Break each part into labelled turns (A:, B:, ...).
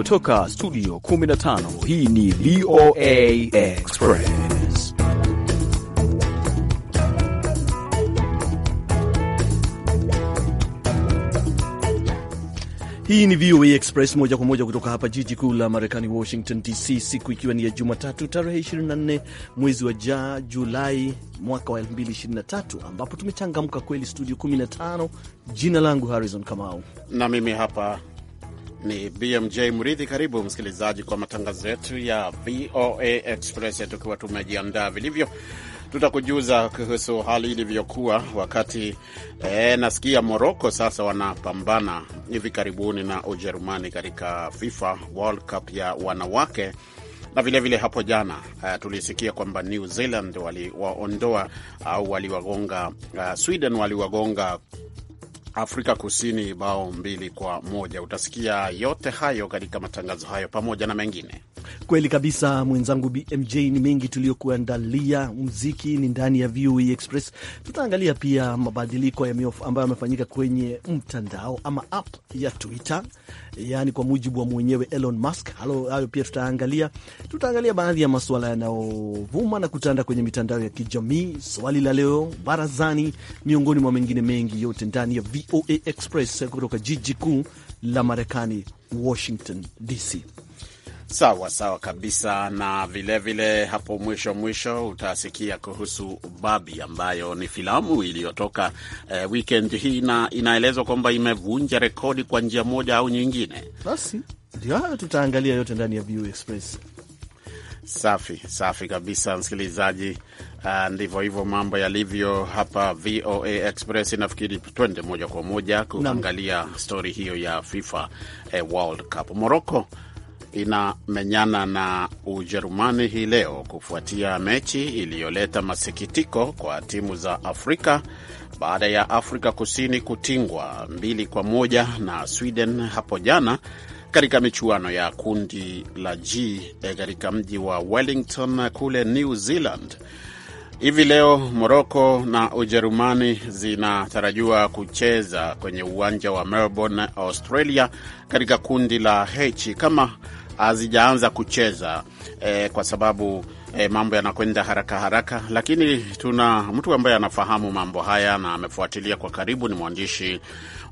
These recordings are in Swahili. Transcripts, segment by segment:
A: kutoka studio 15 hii ni VOA Express. Hii ni VOA Express moja kwa moja kutoka hapa jiji kuu la Marekani, Washington DC, siku ikiwa ni ya Jumatatu tarehe 24 mwezi wa ja
B: Julai
A: mwaka wa 2023 ambapo tumechangamka kweli studio 15. Jina langu Harrison Kamau
B: na mimi hapa ni BMJ Mridhi. Karibu msikilizaji kwa matangazo yetu ya VOA Express, tukiwa tumejiandaa vilivyo. Tutakujuza kuhusu hali ilivyokuwa wakati e, nasikia Moroko sasa wanapambana hivi karibuni na Ujerumani katika FIFA World Cup ya wanawake na vilevile vile hapo jana uh, tulisikia kwamba New Zealand waliwaondoa au uh, waliwagonga uh, Sweden waliwagonga Afrika Kusini bao mbili kwa moja. Utasikia yote hayo katika matangazo hayo pamoja na mengine.
A: Kweli kabisa mwenzangu BMJ, ni mengi tuliyokuandalia. Muziki ni ndani ya VOA e Express. Tutaangalia pia mabadiliko ambayo yamefanyika kwenye mtandao ama app ya Twitter, yaani kwa mujibu wa mwenyewe Elon Musk. Hayo pia tutaangalia, tutaangalia baadhi ya masuala yanayovuma na kutanda kwenye mitandao ya kijamii, swali la leo, barazani, miongoni mwa mengine mengi, yote ndani ya VOA e Express kutoka jiji kuu la Marekani, Washington DC.
B: Sawa sawa kabisa, na vilevile vile hapo mwisho mwisho utasikia kuhusu babi ambayo ni filamu iliyotoka eh, weekend hii na inaelezwa kwamba imevunja rekodi kwa njia moja au nyingine. Basi
A: ndio hayo, tutaangalia yote ndani ya Express.
B: Safi safi kabisa, msikilizaji. Uh, ndivyo hivyo mambo yalivyo hapa VOA Express. Nafikiri twende moja kwa moja kuangalia stori hiyo ya FIFA eh, World Cup Morocco inamenyana na Ujerumani hii leo kufuatia mechi iliyoleta masikitiko kwa timu za Afrika baada ya Afrika Kusini kutingwa mbili kwa moja na Sweden hapo jana katika michuano ya kundi la G eh, katika mji wa Wellington kule New Zealand. Hivi leo Moroko na Ujerumani zinatarajiwa kucheza kwenye uwanja wa Melbourne, Australia, katika kundi la H kama hazijaanza kucheza e, kwa sababu e, mambo yanakwenda haraka haraka, lakini tuna mtu ambaye anafahamu mambo haya na amefuatilia kwa karibu, ni mwandishi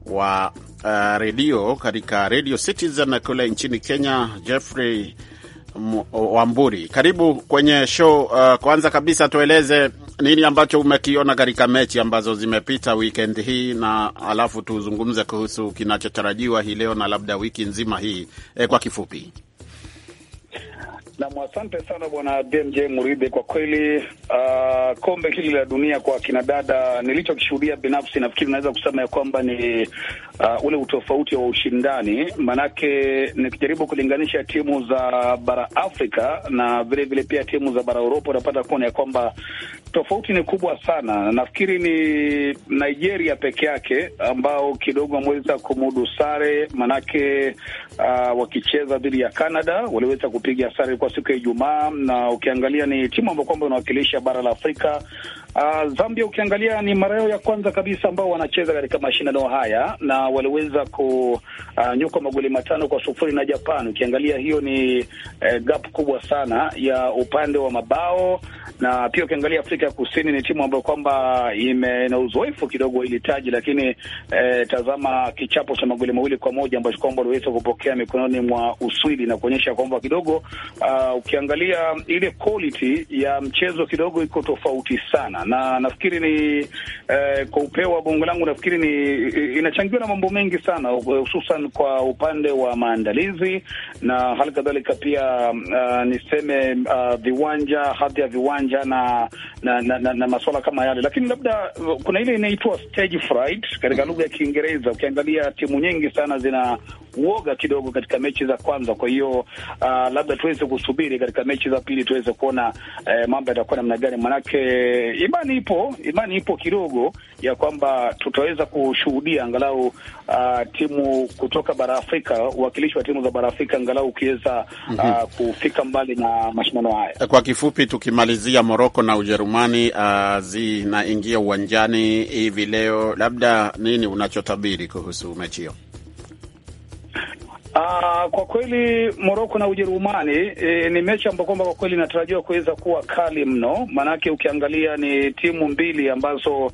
B: wa uh, redio katika Radio Citizen kule nchini Kenya, Jeffrey Wamburi, karibu kwenye show. Uh, kwanza kabisa tueleze nini ambacho umekiona katika mechi ambazo zimepita weekend hii, na alafu tuzungumze kuhusu kinachotarajiwa hii leo na labda wiki nzima hii. eh, kwa kifupi
C: Nam, asante sana bwana DMJ Muridhi. Kwa kweli uh, kombe hili la dunia kwa kinadada nilichokishuhudia binafsi, nafikiri naweza kusema ya kwamba ni uh, ule utofauti wa ushindani, manake nikijaribu kulinganisha timu za bara Afrika na vile vile pia timu za bara Uropa, unapata kuona ya kwamba tofauti ni kubwa sana. Nafikiri ni Nigeria peke yake ambao kidogo wameweza kumudu sare, manake uh, wakicheza dhidi ya Canada waliweza kupiga sare kwa siku ya Ijumaa, na ukiangalia ni timu ambayo kwamba inawakilisha bara la Afrika Uh, Zambia ukiangalia ni mara yao ya kwanza kabisa ambao wanacheza katika mashindano haya na waliweza kunyuka ah, uh, magoli matano kwa sufuri na Japan. Ukiangalia hiyo ni uh, gap kubwa sana ya upande wa mabao, na pia ukiangalia Afrika ya Kusini ni timu ambayo kwamba ime na uzoefu kidogo ili taji, lakini eh, tazama kichapo cha magoli mawili kwa moja ambacho kwamba waliweza kupokea mikononi mwa Uswidi na kuonyesha kwamba kidogo, uh, ukiangalia ile quality ya mchezo kidogo iko tofauti sana sana, na nafikiri ni eh, kwa upeo wa bongo langu nafikiri ni inachangiwa na mambo mengi sana, hususan kwa upande wa maandalizi na hali kadhalika pia uh, niseme uh, viwanja, hadhi ya viwanja na na, na, na, na masuala kama yale, lakini labda kuna ile inaitwa stage fright katika lugha ya Kiingereza. Ukiangalia timu nyingi sana zina uoga kidogo katika mechi za kwanza. Kwa hiyo uh, labda tuweze kusubiri katika mechi za pili tuweze kuona eh, mambo yatakuwa namna gani, manake imani ipo, imani ipo kidogo ya kwamba tutaweza kushuhudia angalau uh, timu kutoka bara Afrika, uwakilishi wa timu za bara Afrika angalau ukiweza uh, kufika mbali na mashindano haya.
B: Eh, kwa kifupi, tukimalizia Moroko na Ujerumani uh, zinaingia uwanjani hivi leo, labda nini unachotabiri kuhusu mechi hiyo?
C: Uh, kwa kweli Moroko na Ujerumani e, ni mechi ambayo kwamba kwa kweli inatarajiwa kuweza kuwa kali mno, maanake ukiangalia ni timu mbili ambazo uh,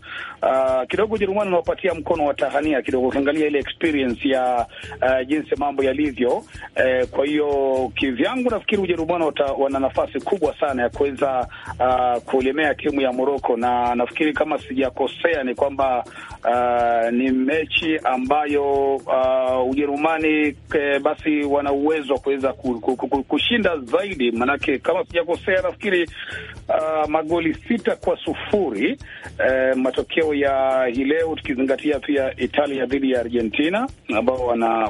C: kidogo Ujerumani unaopatia mkono wa tahania kidogo, ukiangalia ile experience ya uh, jinsi mambo yalivyo uh, kwa hiyo kivyangu nafikiri Ujerumani wana nafasi kubwa sana ya kuweza uh, ah, kulemea timu ya Moroko, na nafikiri kama sijakosea ni kwamba uh, ni mechi ambayo uh, Ujerumani ke, Eh, basi wana uwezo wa kuweza kushinda zaidi, manake kama sijakosea, nafikiri uh, magoli sita kwa sufuri e, matokeo ya hii leo, tukizingatia pia Italia dhidi ya Argentina ambao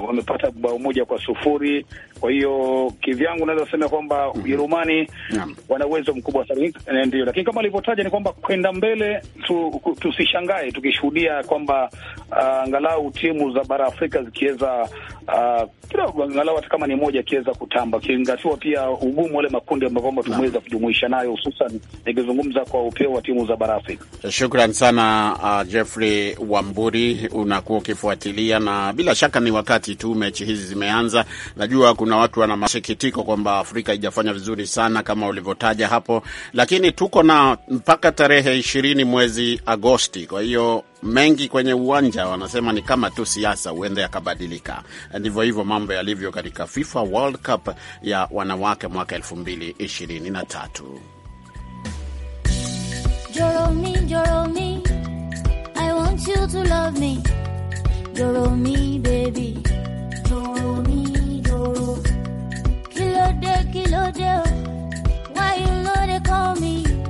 C: wamepata bao moja kwa sufuri. Kwa hiyo kivyangu naweza sema kwamba mhm. Ujerumani mm -hmm. wana uwezo mkubwa sana eh, ndio, lakini kama alivyotaja ni kwamba kwenda mbele tu, tusishangae tukishuhudia kwamba ah, angalau uh, timu za bara Afrika zikiweza uh, kidogo angalau hata kama ni moja akiweza kutamba, kizingatiwa pia ugumu wale makundi ambayo kwamba tumeweza kujumuisha nayo, hususan nikizungumza kwa upeo wa timu za barafi.
B: Shukran sana uh, Jeffrey Wamburi, unakuwa ukifuatilia na bila shaka ni wakati tu mechi hizi zimeanza. Najua kuna watu wana masikitiko kwamba Afrika haijafanya vizuri sana kama ulivyotaja hapo, lakini tuko na mpaka tarehe ishirini mwezi Agosti, kwa hiyo mengi kwenye uwanja, wanasema ni kama tu siasa, huenda yakabadilika. Ndivyo hivyo mambo yalivyo katika FIFA World Cup ya wanawake mwaka 2023.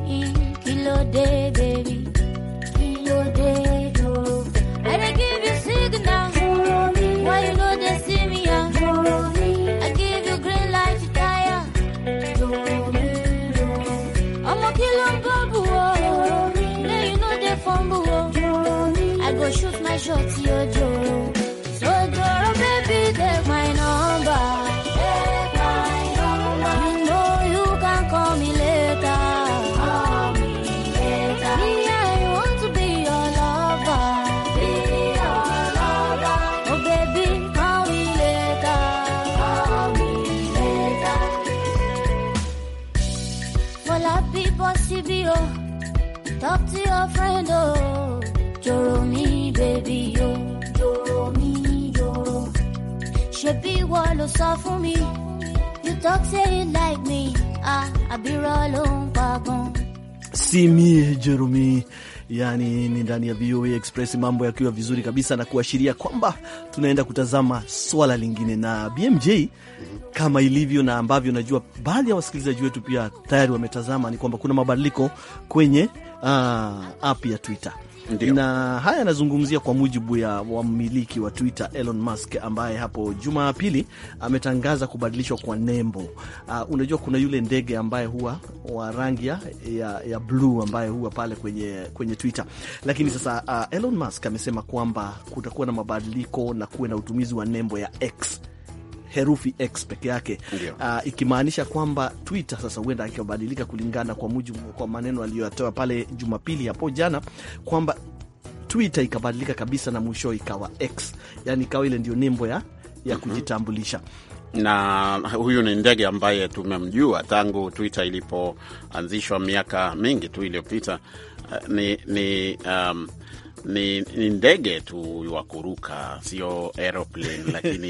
D: Eh, kilode, baby. Kilode. shorty Ojoro. So Ojoro, baby, take my number. Take my number. You know you can call me later. Call me later. Me, I want to be your lover. Be your lover. Oh, baby, call me later. Call me later. For la people, CBO. Talk to your friend, oh. Joro me. baby, yo, yo, me, yo. Should be what for me. You talk, say it like me. Ah, I be rolling,
A: See me, Jeremy. Yani ni ndani ya VOA Express, mambo yakiwa vizuri kabisa na kuashiria kwamba tunaenda kutazama swala lingine na BMJ. Kama ilivyo na ambavyo najua baadhi ya wasikilizaji wetu pia tayari wametazama, ni kwamba kuna mabadiliko kwenye uh, app ya Twitter Ndiyo. Na haya yanazungumzia kwa mujibu ya wamiliki wa Twitter Elon Musk, ambaye hapo Jumapili ametangaza kubadilishwa kwa nembo. Uh, unajua kuna yule ndege ambaye huwa wa rangi ya, ya bluu ambaye huwa pale kwenye, kwenye Twitter, lakini sasa uh, Elon Musk amesema kwamba kutakuwa na mabadiliko na kuwe na utumizi wa nembo ya X herufi X peke yake uh, ikimaanisha kwamba Twitter sasa huenda akibadilika kulingana kwa mujibu kwa maneno aliyoyatoa pale Jumapili hapo jana kwamba Twitter ikabadilika kabisa na mwisho ikawa X, yani ikawa ile ndio nembo ya, ya mhm. kujitambulisha
B: na huyu ni ndege ambaye tumemjua tangu Twitter ilipoanzishwa miaka mingi tu iliyopita. Ah, ni, ni um, ni, ni ndege tu wa kuruka, sio aeroplane lakini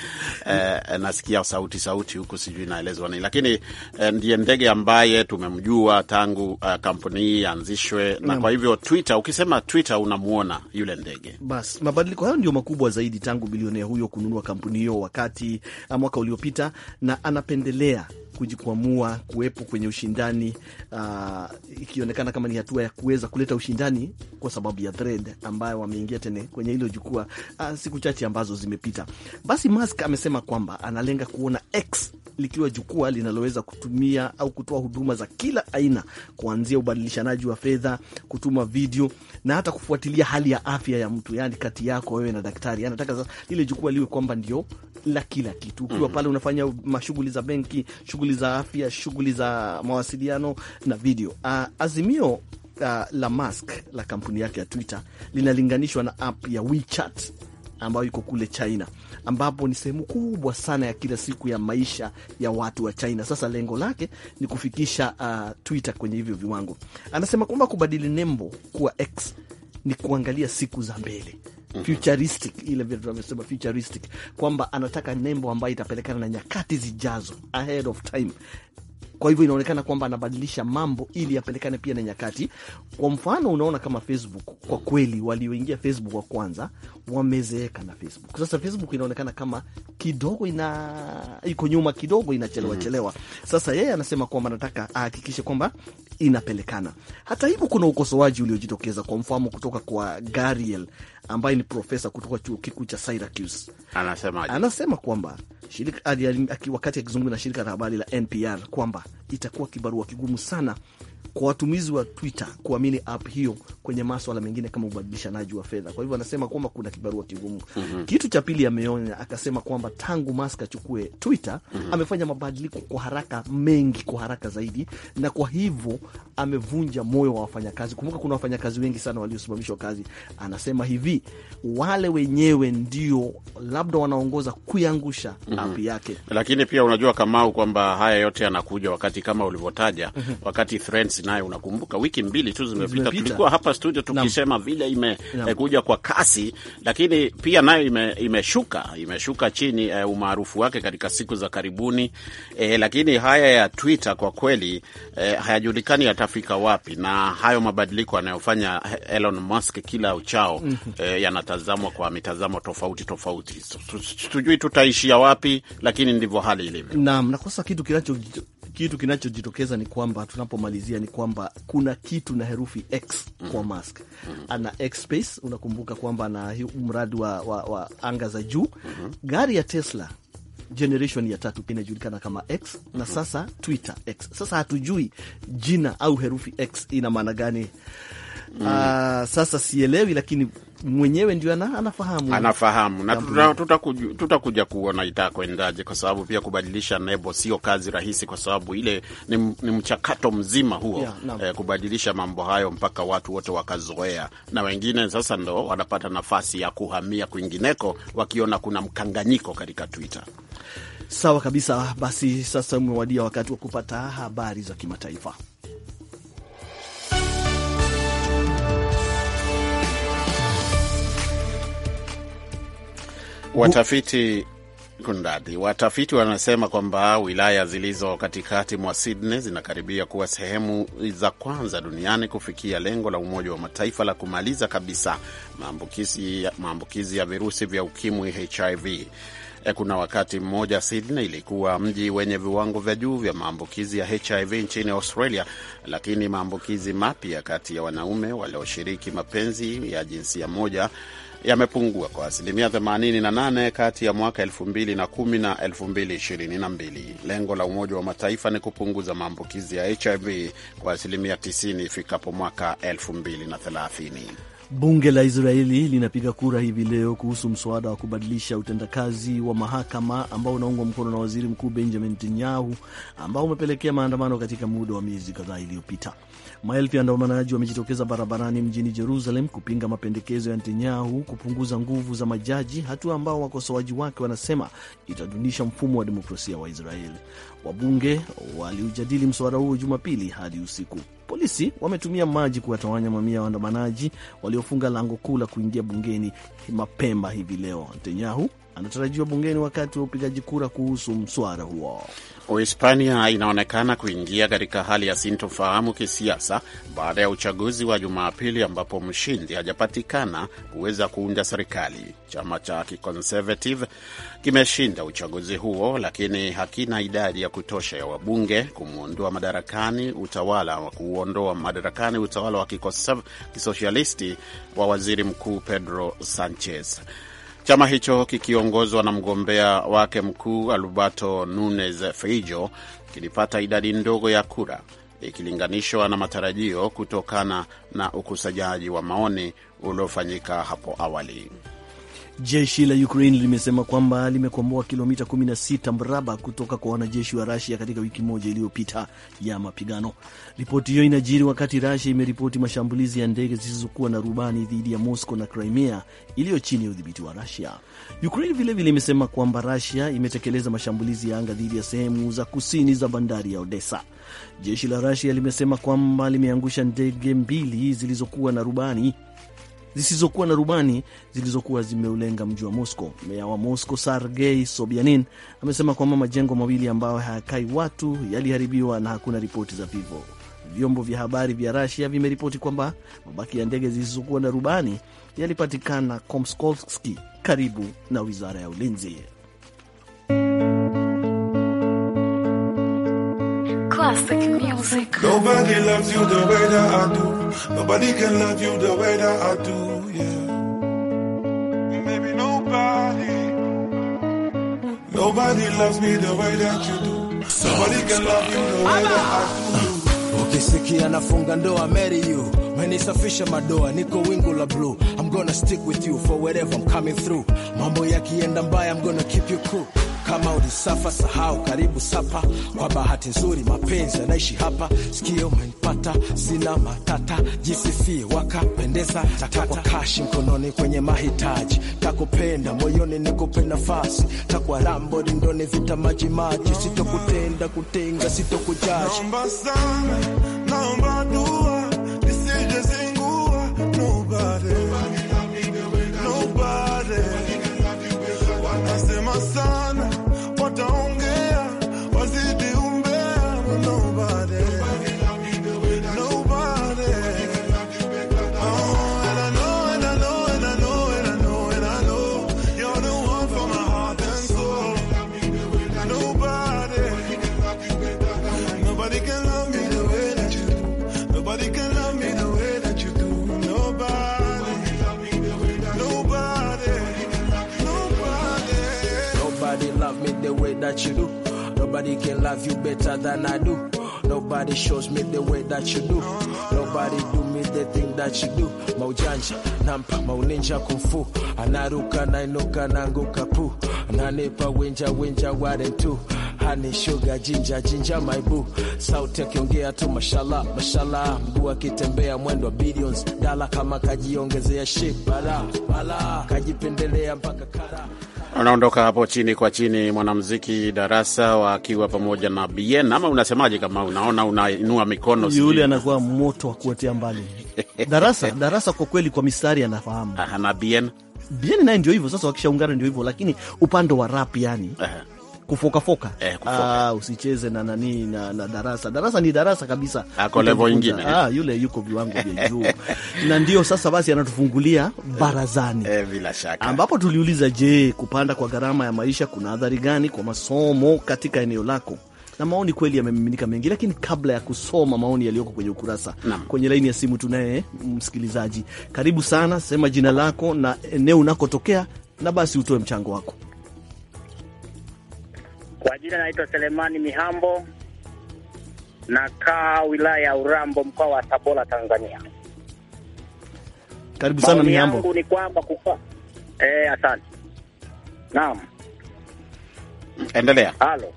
B: eh, nasikia sauti sauti huku, sijui naelezwa nini, lakini eh, ndiye ndege ambaye tumemjua tangu uh, kampuni hii ianzishwe na kwa hivyo Twitter, ukisema Twitter unamwona yule ndege.
A: Bas, mabadiliko hayo ndio makubwa zaidi tangu bilionea huyo kununua kampuni hiyo wakati eh, mwaka uliopita, na anapendelea kujikwamua kuwepo kwenye ushindani uh, ikionekana kama ni hatua ya kuweza kuleta ushindani kwa sababu ya Red ambayo wameingia tena kwenye hilo jukwaa ah, siku chache ambazo zimepita. Basi Musk amesema kwamba analenga kuona X likiwa jukwaa linaloweza kutumia au kutoa huduma za kila aina, kuanzia ubadilishanaji wa fedha, kutuma video na hata kufuatilia hali ya afya ya mtu, yani kati yako wewe na daktari. Anataka sasa lile jukwaa liwe kwamba ndio la kila kitu. Ukiwa mhm. pale unafanya mashughuli za benki, shughuli za afya, shughuli za mawasiliano na video. Ah, Azimio uh, la Musk la kampuni yake ya Twitter linalinganishwa na app ya WeChat ambayo iko kule China, ambapo ni sehemu kubwa sana ya kila siku ya maisha ya watu wa China. Sasa lengo lake ni kufikisha uh, Twitter kwenye hivyo viwango. Anasema kwamba kubadili nembo kuwa X ni kuangalia siku za mbele mhm. futuristic ile vile tunavyosema futuristic, kwamba anataka nembo ambayo itapelekana na nyakati zijazo, ahead of time, kwa hivyo inaonekana kwamba anabadilisha mambo ili yapelekane pia na nyakati. Kwa mfano, unaona kama Facebook, kwa kweli walioingia Facebook wa kwanza wamezeeka na Facebook. Sasa Facebook inaonekana kama kidogo ina iko nyuma kidogo, inachelewa mhm. chelewa. Sasa yeye anasema kwamba anataka ahakikishe kwamba inapelekana. Hata hivyo, kuna ukosoaji uliojitokeza, kwa mfano kutoka kwa Gariel ambaye ni profesa kutoka chuo kikuu cha Syracuse. anasema, Anasema kwamba shirika, wakati akizungumza na shirika la habari la NPR kwamba itakuwa kibarua kigumu sana kwa watumizi wa Twitter kuamini app hiyo kwenye maswala mengine kama ubadilishanaji wa fedha. Kwa hivyo anasema kwamba kuna kibarua kigumu. mm -hmm. Kitu cha pili ameonya, akasema kwamba tangu Musk achukue Twitter mm -hmm. amefanya mabadiliko kwa haraka mengi, kwa haraka zaidi, na kwa hivyo amevunja moyo wa wafanyakazi. Kumbuka kuna wafanyakazi wengi sana waliosimamishwa kazi. Anasema hivi wale wenyewe ndio labda wanaongoza kuiangusha mm -hmm. app yake.
B: Lakini pia unajua Kamau, kwamba haya yote yanakuja wakati kama ulivyotaja, mhm. wakati Threads Express nayo unakumbuka, wiki mbili tu zimepita, tulikuwa hapa studio tukisema Nam. vile imekuja eh, kwa kasi, lakini pia nayo ime, imeshuka imeshuka chini e, umaarufu wake katika siku za karibuni e, lakini haya ya Twitter kwa kweli e, hayajulikani yatafika wapi, na hayo mabadiliko anayofanya Elon Musk kila uchao mm -hmm. eh, yanatazamwa kwa mitazamo tofauti tofauti, tujui tutaishia wapi, lakini ndivyo hali ilivyo.
A: Naam, nakosa kitu kinacho kitu kinachojitokeza ni kwamba tunapomalizia ni kwamba kuna kitu na herufi X kwa Musk. Ana X space, unakumbuka kwamba ana mradi wa, wa, wa anga za juu. Gari ya Tesla generation ya tatu inajulikana kama X na sasa Twitter X. Sasa hatujui jina au herufi X ina maana gani? Uh, sasa sielewi, lakini mwenyewe ndio ana, anafahamu anafahamu, na
B: tutakuja tuta tuta kuona itakwendaje, kwa sababu pia kubadilisha nebo sio kazi rahisi, kwa sababu ile ni, ni mchakato mzima huo yeah, eh, kubadilisha mambo hayo mpaka watu wote wakazoea, na wengine sasa ndo wanapata nafasi ya kuhamia kwingineko wakiona kuna mkanganyiko katika Twitter.
A: Sawa kabisa. Basi sasa umewadia wakati wa kupata habari za kimataifa.
B: Watafiti kundadi watafiti wanasema kwamba wilaya zilizo katikati mwa Sydney zinakaribia kuwa sehemu za kwanza duniani kufikia lengo la Umoja wa Mataifa la kumaliza kabisa maambukizi ya, maambukizi ya virusi vya ukimwi HIV. E, kuna wakati mmoja Sydney ilikuwa mji wenye viwango vya juu vya maambukizi ya HIV nchini Australia, lakini maambukizi mapya kati ya wanaume walioshiriki mapenzi ya jinsia moja yamepungua kwa asilimia 88 kati ya mwaka 2010 na 2022. Lengo la Umoja wa Mataifa ni kupunguza maambukizi ya HIV kwa asilimia 90 ifikapo mwaka 2030.
A: Bunge la Israeli linapiga kura hivi leo kuhusu mswada wa kubadilisha utendakazi wa mahakama ambao unaungwa mkono na waziri mkuu Benjamin Netanyahu, ambao umepelekea maandamano katika muda wa miezi kadhaa iliyopita. Maelfu ya waandamanaji wamejitokeza barabarani mjini Jerusalem kupinga mapendekezo ya Netanyahu kupunguza nguvu za majaji, hatua ambao wakosoaji wake wanasema itadunisha mfumo wa demokrasia wa Israeli. Wabunge waliujadili mswada huo Jumapili hadi usiku. Polisi wametumia maji kuwatawanya mamia ya waandamanaji waliofunga lango kuu la kuingia bungeni mapema hivi leo. Netanyahu anatarajiwa bungeni wakati wa upigaji kura kuhusu mswada huo.
B: Uhispania inaonekana kuingia katika hali ya sintofahamu kisiasa baada ya uchaguzi wa Jumapili ambapo mshindi hajapatikana kuweza kuunda serikali. Chama cha kiconservative kimeshinda uchaguzi huo, lakini hakina idadi ya kutosha ya wabunge kumwondoa madarakani utawala wa kuondoa madarakani utawala wa kisosialisti wa waziri mkuu Pedro Sanchez. Chama hicho kikiongozwa na mgombea wake mkuu Alberto Nunes Feijo kilipata idadi ndogo ya kura ikilinganishwa na matarajio kutokana na ukusanyaji wa maoni uliofanyika hapo awali.
A: Jeshi la Ukraine limesema kwamba limekomboa kilomita 16 mraba kutoka kwa wanajeshi wa Rasia katika wiki moja iliyopita ya mapigano. Ripoti hiyo inajiri wakati Rasia imeripoti mashambulizi ya ndege zisizokuwa na rubani dhidi ya Moscow na Crimea iliyo chini ya udhibiti wa Rasia. Ukraine vilevile imesema kwamba Rasia imetekeleza mashambulizi ya anga dhidi ya sehemu za kusini za bandari ya Odessa. Jeshi la Rasia limesema kwamba limeangusha ndege mbili zilizokuwa na rubani zisizokuwa na rubani zilizokuwa zimeulenga mji wa Moscow. Meya wa Moscow Sergei Sobyanin amesema kwamba majengo mawili ambayo hayakai watu yaliharibiwa na hakuna ripoti za vifo. Vyombo vya habari vya Rasia vimeripoti kwamba mabaki ya ndege zisizokuwa na rubani yalipatikana Komskolski, karibu na wizara ya ulinzi.
D: classic music.
A: Nobody loves you the way that I do.
E: Nobody can love you the way that I do. Yeah. Maybe
F: nobody. Nobody loves me the way that you do. Nobody can love you the way that I do. Ukisikia nafunga ndoa marry you, menisafisha madoa, niko wingu la blue. I'm gonna stick with you for wherever I'm coming through. Mambo yakienda mbaya, I'm gonna keep you cool. Kama ulisafa sahau, karibu sapa. Kwa bahati nzuri mapenzi yanaishi hapa. Sikio umenipata, sina matata, jisifie wakapendeza, takwakashi mkononi kwenye mahitaji, takupenda moyoni, nikupe nafasi, takwa rambo lindoni, vita majimaji, sitokutenda kutenga, sitokujaji naomba
E: sana, naomba
F: that you do. Nobody can love you better than I do. Nobody shows me the way that you do. Nobody do me the thing that you do. Maujanja, nampa, mauninja kufu. Anaruka, nainuka, nangu kapu. Ananipa winja, winja, ware tu. Honey, sugar, ginger, ginger, my boo. Sauti akiongea tu mashallah, mashallah. Mguu akitembea mwendo billions. Dala kama kajiongezea ship. Bala, bala. Kajipendelea mpaka kara.
B: Unaondoka hapo chini kwa chini, mwanamuziki Darasa wakiwa pamoja na Bien, ama unasemaje? Kama unaona unainua mikono, yule
A: anakuwa moto wa kuotea mbali. Darasa Darasa kwa kweli, kwa mistari anafahamu. na Bien Bien naye ndio hivyo sasa, wakishaungana ndio hivyo, lakini upande wa rap yani, uh -huh kufokafoka eh, kufoka. Ah, usicheze na nani na, na darasa darasa ni darasa kabisa, ako ah, level nyingine. Ah, yule yuko viwango vya juu na ndio sasa basi anatufungulia barazani eh, bila shaka, ambapo tuliuliza, je, kupanda kwa gharama ya maisha kuna athari gani kwa masomo katika eneo lako? na maoni kweli yamemiminika mengi, lakini kabla ya kusoma maoni yaliyoko kwenye ukurasa na kwenye laini ya simu tunaye msikilizaji. Karibu sana, sema jina lako na eneo unakotokea, na basi utoe mchango wako
G: jina naitwa Selemani Mihambo,
C: nakaa wilaya ya Urambo, mkoa wa Tabora, Tanzania.
B: Karibu sana Mihambo. Yangu
C: ni kwamba kufa eh, asante. Naam, endelea. Halo,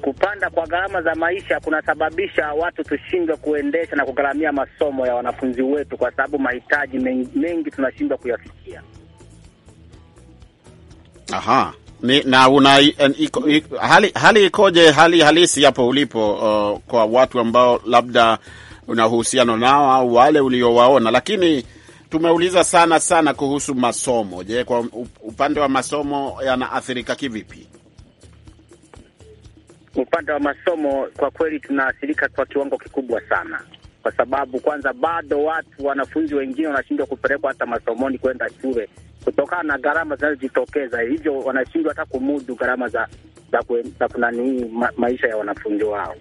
C: kupanda kwa gharama za maisha kunasababisha watu tushindwe kuendesha na kugharamia masomo ya wanafunzi wetu, kwa sababu mahitaji mengi, mengi tunashindwa kuyafikia.
B: Aha. Ni, na una, en, iko, hali, hali ikoje hali halisi hapo ulipo uh, kwa watu ambao labda una uhusiano nao au wale uliowaona, lakini tumeuliza sana sana kuhusu masomo. Je, kwa upande wa masomo yanaathirika kivipi?
C: Upande wa masomo kwa kweli tunaathirika kwa kiwango kikubwa sana kwa sababu kwanza bado watu wanafunzi wengine wanashindwa kupelekwa hata masomoni kwenda shule kutokana na gharama zinazojitokeza, hivyo wanashindwa hata kumudu gharama za za, za
G: ma, maisha ya wanafunzi wao.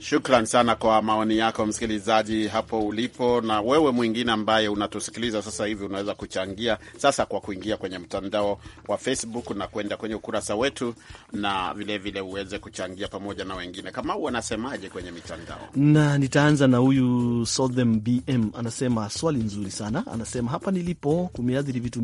B: Shukran sana kwa maoni yako msikilizaji hapo ulipo, na wewe mwingine ambaye unatusikiliza sasa hivi unaweza kuchangia sasa kwa kuingia kwenye mtandao wa Facebook na kwenda kwenye ukurasa wetu, na vilevile vile uweze kuchangia pamoja na wengine. Kama wanasemaje kwenye mitandao?
A: Na nitaanza na huyu Sothem BM, anasema swali nzuri sana. Anasema hapa nilipo kumeathiri vitu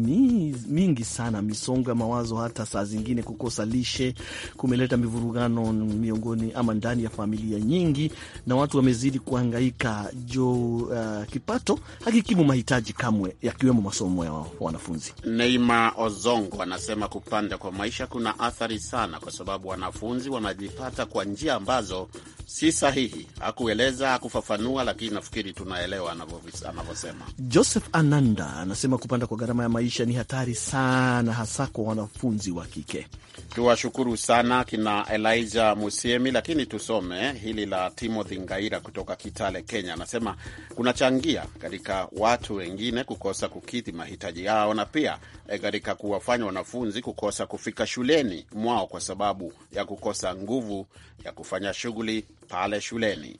A: mingi sana, misongo ya mawazo, hata saa zingine kukosa lishe kumeleta mivurugano miongoni ama ndani ya familia nyingi mingi na watu wamezidi kuhangaika jo uh, kipato hakikimu mahitaji kamwe, yakiwemo masomo ya wanafunzi.
B: Neima Ozongo anasema kupanda kwa maisha kuna athari sana, kwa sababu wanafunzi wanajipata kwa njia ambazo si sahihi. Hakueleza, hakufafanua, lakini nafikiri tunaelewa anavyosema.
A: Joseph Ananda anasema kupanda kwa gharama ya maisha ni hatari sana, hasa kwa wanafunzi wa kike.
B: Tuwashukuru sana kina Eliza Musiemi, lakini tusome hili Uganda, Timothy Ngaira kutoka Kitale, Kenya, anasema kunachangia katika watu wengine kukosa kukidhi mahitaji yao na pia eh, katika kuwafanya wanafunzi kukosa kufika shuleni mwao kwa sababu ya kukosa nguvu ya kufanya shughuli pale shuleni.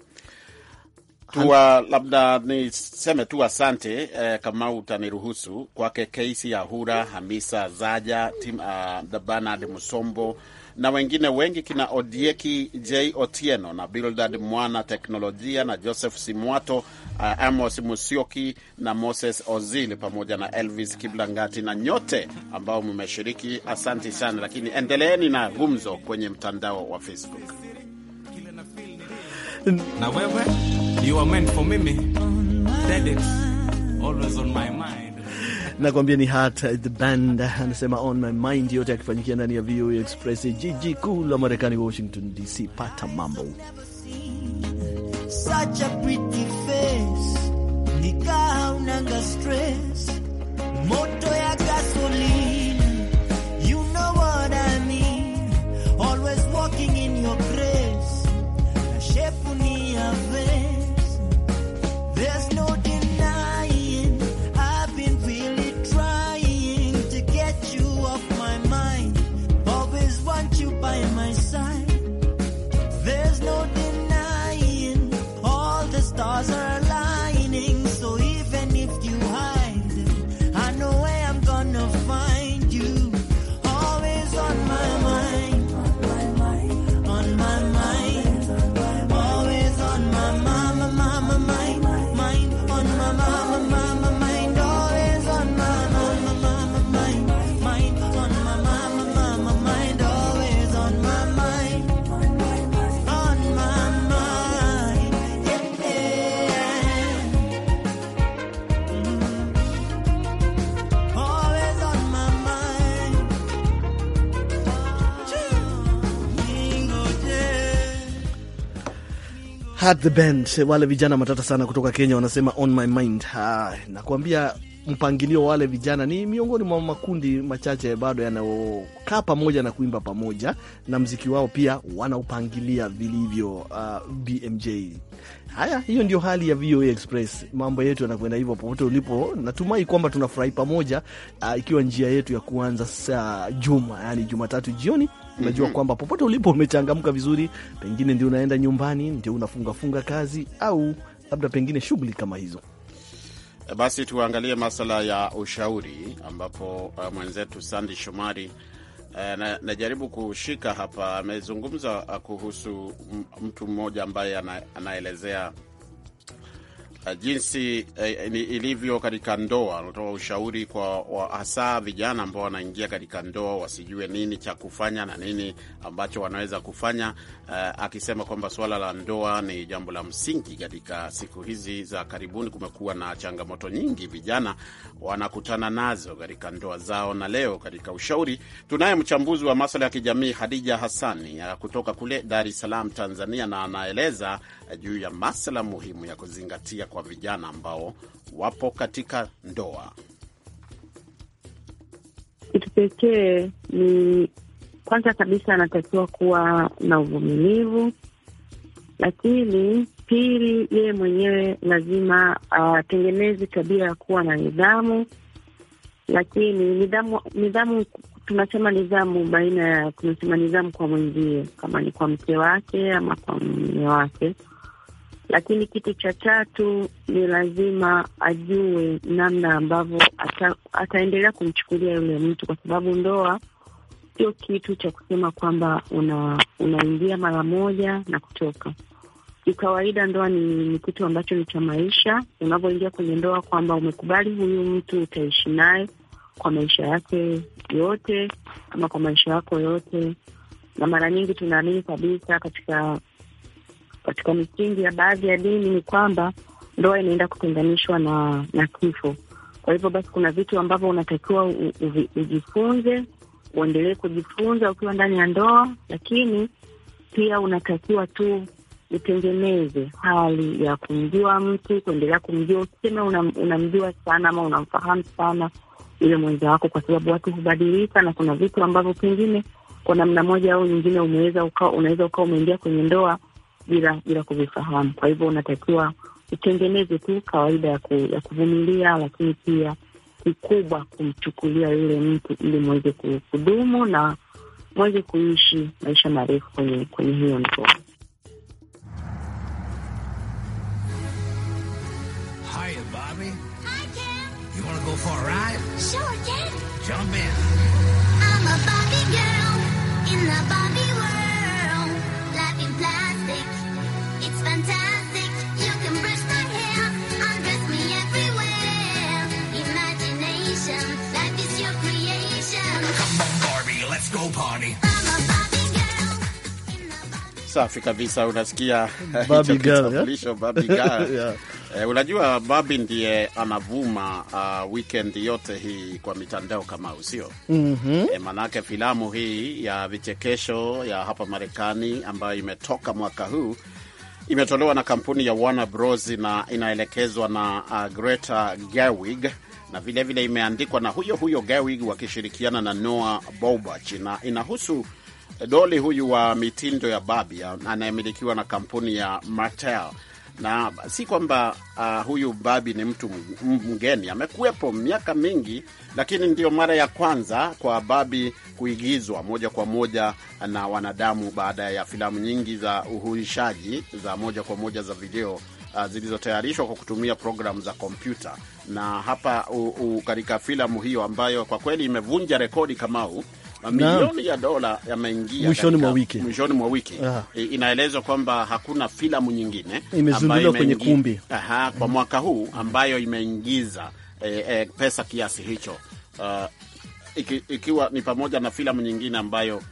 B: Tua, labda niseme tu asante eh, kama utaniruhusu kwake Keisi Ahura, Hamisa Zaja, Tim, uh, Bernard Musombo na wengine wengi kina Odieki J Otieno na Bildad Mwana Teknolojia na Joseph Simwato, uh, Amos Musioki na Moses Ozil pamoja na Elvis Kiblangati na nyote ambao mmeshiriki, asanti sana, lakini endeleeni na gumzo kwenye mtandao wa Facebook na wewe, you are meant for me,
F: always on my mind.
A: Nakwambia ni Heart the Band anasema on my mind, yote akifanyikia ndani ya VOA Express, jiji kuu la Marekani, Washington DC. Pata mambo
E: Such a pretty face. Nikaa unanga stress moto ya
A: Had the band wale vijana matata sana kutoka Kenya wanasema on my mind. Ha, nakuambia mpangilio wa wale vijana ni miongoni mwa makundi machache bado yanayokaa pamoja na kuimba pamoja, na mziki wao pia wanaupangilia vilivyo. Uh, BMJ Haya, hiyo ndio hali ya VOA Express. Mambo yetu yanakwenda hivyo popote ulipo, natumai kwamba tunafurahi pamoja, uh, ikiwa njia yetu ya kuanza saa juma, yani Jumatatu jioni unajua mm -hmm. kwamba popote ulipo umechangamka vizuri, pengine ndio unaenda nyumbani, ndio unafungafunga kazi au labda pengine shughuli kama hizo.
B: Basi tuangalie masala ya ushauri, ambapo uh, mwenzetu Sandi Shomari uh, na, najaribu kushika hapa, amezungumza uh, kuhusu mtu mmoja ambaye ana, anaelezea Uh, jinsi eh, ilivyo katika ndoa. anatoa ushauri kwa hasa vijana ambao wanaingia katika ndoa, wasijue nini cha kufanya na nini ambacho wanaweza kufanya eh, akisema kwamba suala la ndoa ni jambo la msingi. Katika siku hizi za karibuni kumekuwa na changamoto nyingi vijana wanakutana nazo katika ndoa zao, na leo katika ushauri tunaye mchambuzi wa maswala ya kijamii Hadija hasani kutoka kule Dar es Salaam, Tanzania, na anaeleza Eh, juu ya masuala muhimu ya kuzingatia kwa vijana ambao wapo katika ndoa.
G: Kitu pekee ni kwanza kabisa anatakiwa kuwa na uvumilivu, lakini pili, yeye mwenyewe lazima ah, atengeneze uh, tabia ya kuwa na nidhamu, lakini nidhamu nidhamu tunasema nidhamu baina ya tunasema nidhamu kwa mwenzie, kama ni kwa mke wake ama kwa mume wake, lakini kitu cha tatu ni lazima ajue namna ambavyo ata, ataendelea kumchukulia yule mtu, kwa sababu ndoa sio kitu cha kusema kwamba una unaingia mara moja na kutoka. Kikawaida ndoa ni, ni kitu ambacho ni cha maisha. Unavyoingia kwenye ndoa kwamba umekubali huyu mtu utaishi naye kwa maisha yake yote ama kwa maisha yako yote, na mara nyingi tunaamini kabisa katika katika misingi ya baadhi ya dini ni kwamba ndoa inaenda kutenganishwa na na kifo. Kwa hivyo basi, kuna vitu ambavyo unatakiwa ujifunze, uendelee kujifunza ukiwa ndani ya ndoa, lakini pia unatakiwa tu utengeneze hali ya kumjua mtu, kuendelea kumjua. Usiseme unamjua una sana ama unamfahamu sana yule mwenza wako, kwa sababu watu hubadilika na kuna vitu ambavyo pengine kwa namna moja au nyingine umeweza uka, unaweza ukawa umeingia kwenye ndoa bila bila kuvifahamu. Kwa hivyo unatakiwa utengeneze tu kawaida ya, ku, ya kuvumilia, lakini pia kikubwa kumchukulia yule mtu ili mweze kudumu na mweze kuishi maisha marefu kwenye kwenye hiyo ndoa.
D: Sure, Jump in. I'm a Barbie girl in the Barbie
B: Safi kabisa, unasikia babi eh? yeah. Eh, unajua babi ndiye anavuma uh, weekend yote hii kwa mitandao kama usio
D: mm -hmm. Eh,
B: manake filamu hii ya vichekesho ya hapa Marekani ambayo imetoka mwaka huu imetolewa na kampuni ya Warner Bros na inaelekezwa na uh, Greta Gerwig na vilevile vile imeandikwa na huyo huyo Gerwig wakishirikiana na Noah Baumbach na inahusu Doli huyu wa mitindo ya Barbie anayemilikiwa na kampuni ya Mattel na si kwamba uh, huyu Babi ni mtu mgeni, amekuwepo miaka mingi, lakini ndiyo mara ya kwanza kwa Babi kuigizwa moja kwa moja na wanadamu baada ya filamu nyingi za uhuishaji za moja kwa moja za video uh, zilizotayarishwa kwa kutumia programu za kompyuta. Na hapa katika filamu hiyo ambayo kwa kweli imevunja rekodi Kamau mamilioni ya dola yameingia mwishoni mwa wiki, mwishoni mwa wiki. Inaelezwa kwamba hakuna filamu nyingine imezinduliwa kwenye kumbi aha, kwa mwaka huu ambayo imeingiza e, e, pesa kiasi hicho uh, iki, ikiwa ni pamoja na filamu nyingine ambayo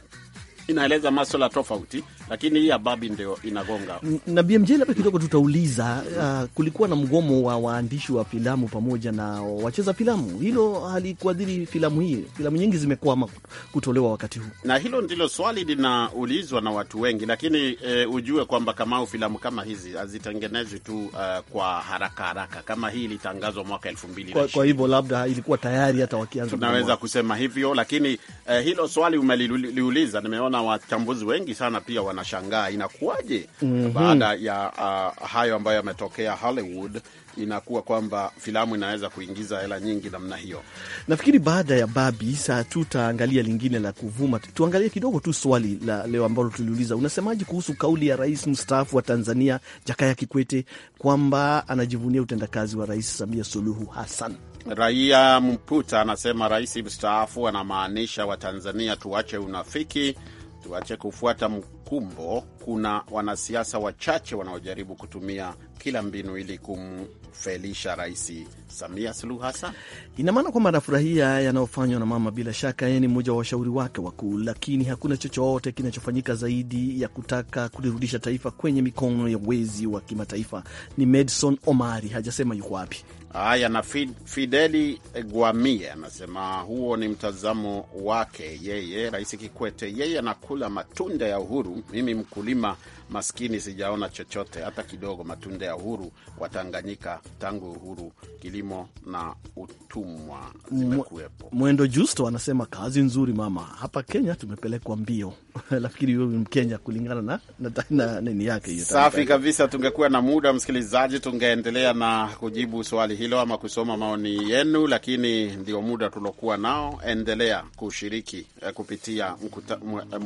B: inaeleza maswala tofauti lakini hii ya Babi ndio inagonga
A: na BMJ. Labda kidogo tutauliza, uh, kulikuwa na mgomo wa waandishi wa filamu pamoja na wacheza filamu. Hilo halikuadhiri filamu hii? Filamu nyingi zimekwama kutolewa wakati huu,
B: na hilo ndilo swali linaulizwa na watu wengi. Lakini eh, ujue kwamba Kamau, filamu kama hizi hazitengenezwi tu uh, kwa haraka haraka. Kama hii ilitangazwa mwaka elfu mbili kwa, kwa
A: hivyo labda ilikuwa tayari hata wakianza, tunaweza
B: kusema hivyo. Lakini uh, hilo swali umeliuliza, nimeona wachambuzi wengi sana pia wa wanashangaa inakuwaje? mm -hmm. Baada ya uh, hayo ambayo yametokea Hollywood inakuwa kwamba filamu inaweza kuingiza hela nyingi namna hiyo.
A: Nafikiri baada ya Babi saa tutaangalia lingine la kuvuma. Tuangalie kidogo tu swali la leo ambalo tuliuliza, unasemaje kuhusu kauli ya rais mstaafu wa Tanzania Jakaya Kikwete kwamba anajivunia utendakazi wa Rais Samia Suluhu Hassan?
B: Raia Mputa anasema rais mstaafu anamaanisha Watanzania tuache unafiki tuache kufuata mkumbo. Kuna wanasiasa wachache wanaojaribu kutumia kila mbinu ili kumfelisha Rais Samia Suluhu Hassan.
A: Ina maana kwamba anafurahia yanayofanywa na mama, bila shaka yeye ni mmoja wa washauri wake wakuu, lakini hakuna chochote kinachofanyika zaidi ya kutaka kulirudisha taifa kwenye mikono ya wezi wa kimataifa. Ni Madison Omari, hajasema
B: yuko wapi. Haya, na Fideli Gwamie anasema huo ni mtazamo wake yeye. Rais Kikwete yeye anakula matunda ya uhuru, mimi mkulima maskini sijaona chochote hata kidogo. Matunda ya uhuru wa Tanganyika tangu uhuru, kilimo na utumwa
A: zimekuwepo. Mwendo Justo anasema kazi nzuri mama, hapa Kenya tumepelekwa mbio. Nafikiri huyo ni Mkenya kulingana na, na, na nini yake hiyo. Safi
B: kabisa. Tungekuwa na muda, msikilizaji, tungeendelea na kujibu swali hilo ama kusoma maoni yenu, lakini ndio muda tulokuwa nao. Endelea kushiriki eh, kupitia eh, eh,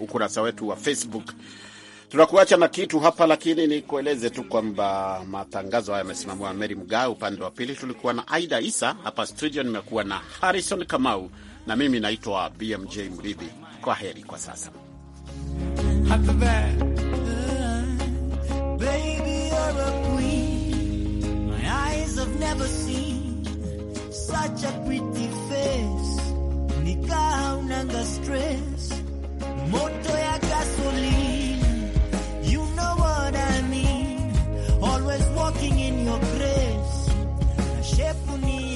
B: ukurasa wetu wa Facebook Tunakuacha na kitu hapa, lakini nikueleze tu kwamba matangazo haya yamesimamiwa Meri Mgawe. Upande wa pili tulikuwa na Aida Isa hapa studio, nimekuwa na Harrison Kamau na mimi naitwa BMJ Mridhi. Kwa heri kwa sasa.
E: Uh, Moto ya gasoline in your grace.